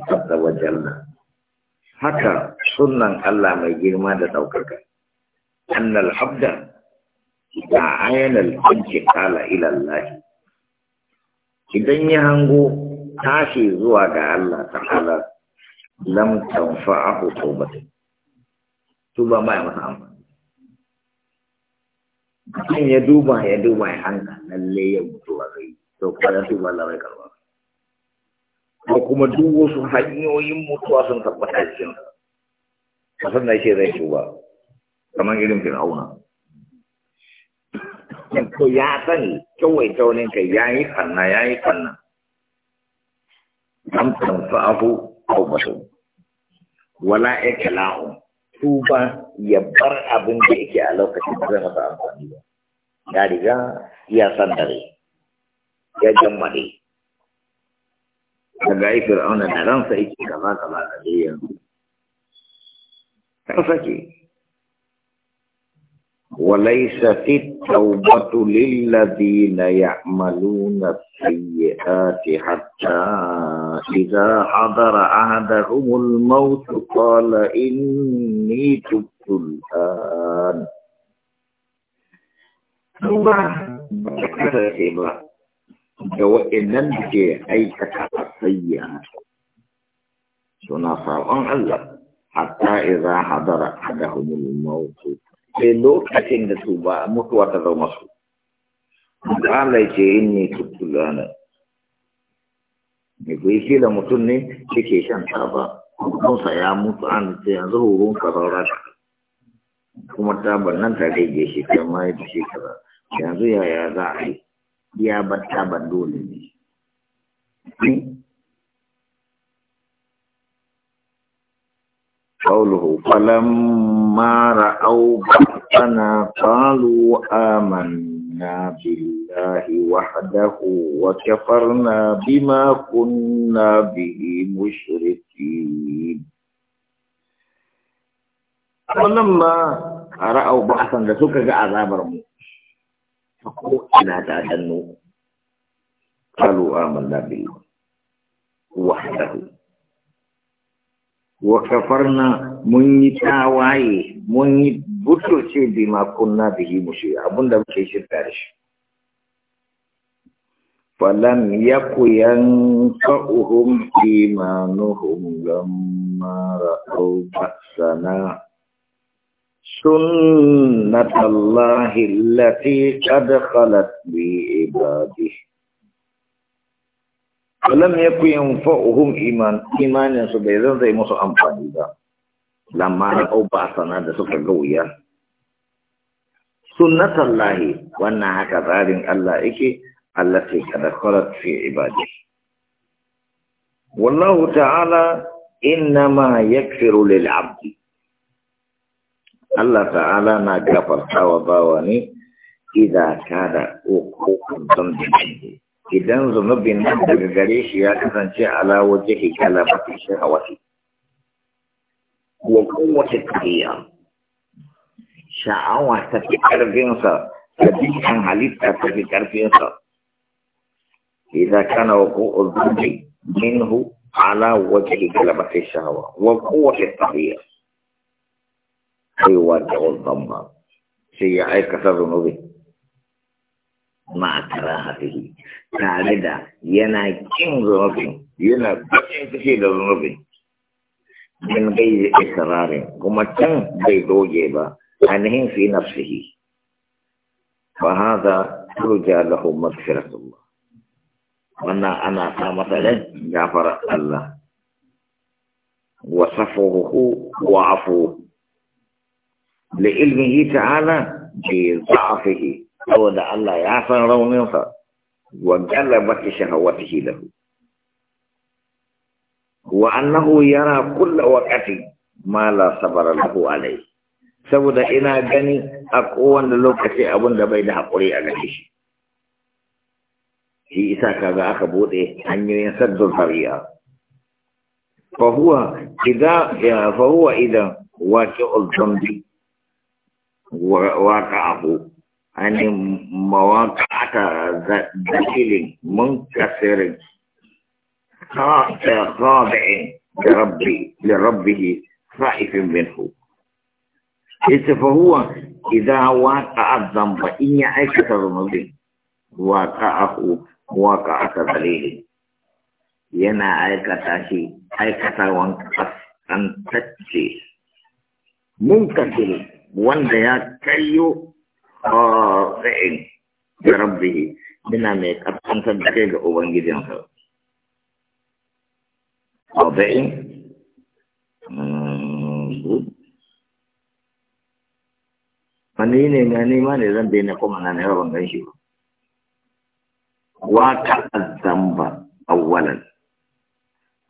azza wa jalla haka sunnan Allah mai girma da ka. annal abda da ayanal kunci kala ila Allah idan ya hango tashi zuwa ga Allah kala lam tanfa'ahu tawbatu tuba ba ya masa amfani ya duba ya duba ya hanga lalle ya mutuwa zai to kuma ya tuba Allah bai karba da kuma duk wasu hanyoyin mutuwa sun tabbata cikin kasar san da yake zai ba kamar irin fir'auna ko ya sani kawai taunin kai yayi kanna yi kanna am tanfa'ahu tawbatu wala Su ba ya bar abin da yake a lokacin da zai masa amfani ba ya riga ya san dare ya jammare تبعي فرعون fir'auna فايكي كما كما gaba gaba وليس في وليست التوبة للذين يعملون السيئات حتى إذا حضر أحدهم الموت قال إني تبت الآن da wa’innan da ke aikata sayya suna saƙon Allah hatta a hadara ahadahumul maut sai lokacin da su ba mutuwa ta zama su Allah ce ne tutulana me kuyi da mutum ne yake shan taba kansa ya mutu an ce yanzu horon ka kuma tabar nan ta rage shi ta mai da shekara yanzu yaya za a yi يا batta ba dole قوله فلما رأوا بأسنا قالوا آمنا بالله وحده وكفرنا بما كنا به مشركين فلما رأوا بأسنا سكك عذاب رمو ta ko ina da danno kalu amanna bi wahdahu wa kafarna mun yi tawaye mun yi butulce bi ma kunna bihi mushi abinda muke shirka da shi falam yaku yanfa'uhum imanuhum lamma ra'aw ba'sana سنة الله التي قد خلت بعباده ولم يكن ينفعهم إيمان إيمان سبيزن زي مصر أمفاني لما رأوا بعثنا ده سكر قوية سنة الله وأن هكذا الله إكي التي قد خلت في عباده والله تعالى إنما يكفر للعبد Allah ta'ala na gafartawa bawa ne idan kada ukukun zambin idan zunubin nan daga gare shi ya kasance ala waje hikala ba ta shi hawasi wa kowace kariya sha'awa ta fi ƙarfinsa da dukkan halitta ta fi ƙarfinsa idan kana wa kowace zambin minhu ala waje hikala ba ta shi hawa wa kowace kariya kaiwa da wazan ba sai ya aikata zunubi ma tara hafihi tare da yana kin zunubin yana bakin kashe da zunubin min gaiji israrin kuma can bai doge ba ainihin fi nafsihi fa haza turja lahu maghfiratullah wannan ana sa masa ran gafara Allah wa safuhu wa afu لعلمه تعالى بضعفه هو ده الله يعفى رونيصا وجلبت شهوته له وأنه يرى كل وقت ما لا صبر له عليه saboda ina gani a kowane lokaci abin da bai da haƙuri a gare shi shi isa kaga aka buɗe hanyoyin saddun fariya fahuwa idan fahuwa idan waƙi'ul zambi واقعه يعني مواقع دليل منكسر خاضع لربي لربه خائف منه إذ فهو إذا وقع الذنب إن يعيشك ذنوب وقعه وقعة دليل yana aikata shi aikatawan ƙasantacce munkasir wanda ya karyo ah, ra'in da rabbi yana mai kaskantar da kai ga ubangijinsa ra'in hmm. wani ne na nema ne zan daina kuma na ne ban shi ba waka azamba awalan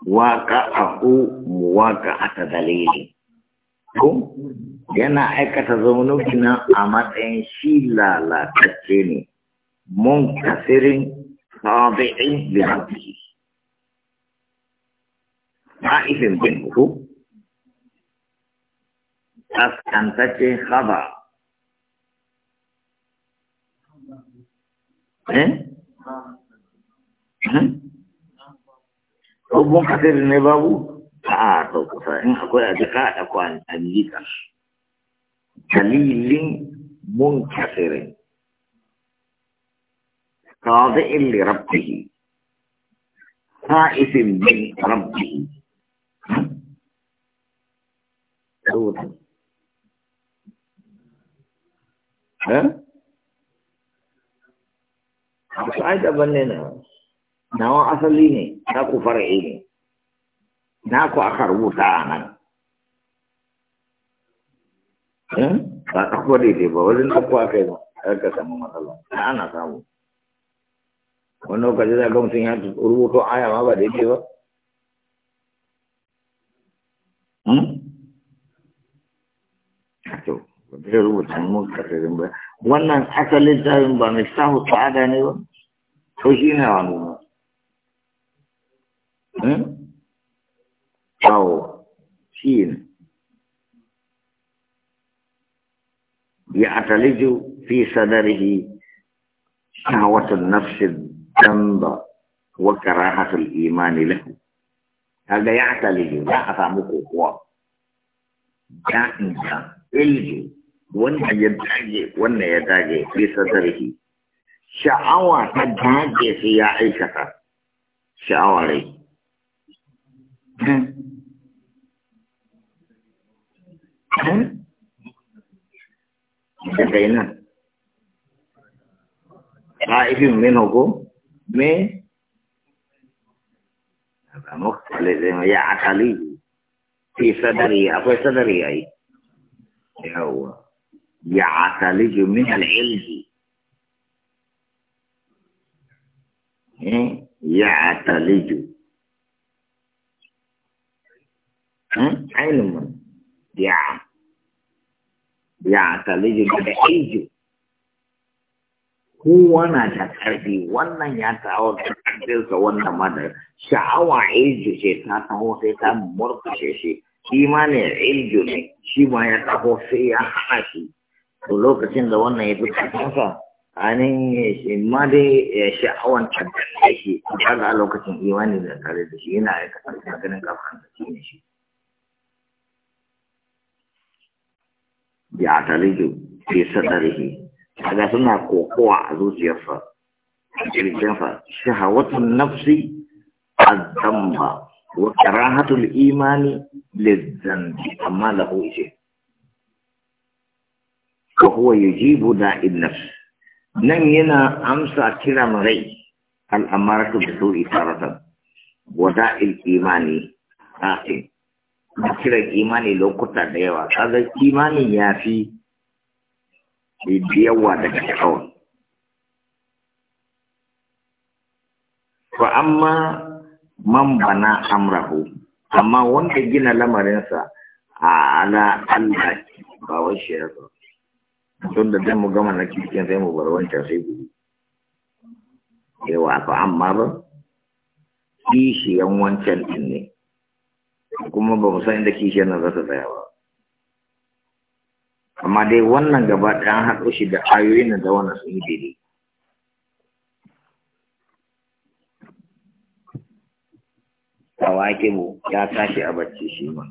waka aku muwaka ata dalili ko yana aikata zaunuki nan a matsayin shi lalatacce ne mun kasirin sabi'in da hankali ma'ifin bin ku askantacce haba eh? Rubun eh? kasirin ne babu? a a kusa in akwai a jika a ɗauko a dalilin mun kasirin خاضع لربه خائف من ربه دور ها سعيد أبننا نوع أصلي ne ta ku ne naku aka rubuta a nan hmm? ba a kuwa daidai ba wajen samu matsala na ana samu wani lokaci za ga mutum ya rubuto aya ma ba daidai ba hmm? to zai rubuta mun kasirin ba wannan asalin tsarin ba mai sahu ta'ada ne ba to shi ne wa nuna sin ya'taliju fi sadarihi shahwatun nafsin damba wa karahatul imani lahu kaga ya'taliju za a samu kokowa ya'ta ilju wannan ya dage wannan ya dage fi sadarihi sha'awa ta dage sai ya aikata sha'awa rai daga ina ra'ifin min hukum me muktalifin ya akali fi sadari akwai sadari yawa ya akali min al'ilmi ya ataliju ainihin diam. Ya lijin da aiju? ku na da ƙarfi wannan ya hawo da ƙarfinsa wannan madar da sha'awa aiju ce ta hawo sai ta murka shi. Shi ma ne iju ne shi ma ya hawo sai ya hana shi. To lokacin da wannan ya fi ƙarfinsa anan shi ma dai ya sha'awan tattalin shi. a lokacin imani da tare da shi yana aikata ganin kafin da shi ne shi. يعتلج في صدره هذا سنة قوقوع ذو جيفة الجنفة شهوة النفس الذنب وكراهة الإيمان للذنب أما له إشي وهو يجيب داء النفس لم ينا أمسى كرم غي الأمارة بسوء تارة وداء الإيمان آخر آه. na kira imani lokuta da yawa kaga imanin ya fi yawa daga sha'awa fa amma man bana amrahu amma wanda gina lamarinsa a ala Allah ba wai shirka don da dan mu gama na cikin sai mu bar wancan sai gobe yawa fa amma ba kishiyan wancan din ne kuma ba mu san inda kishiyar nan za ta tsaya ba amma dai wannan gaba ɗaya an haɗo shi da ayoyin da wannan sun yi daidai ake mu ya tashi a bacci shi ma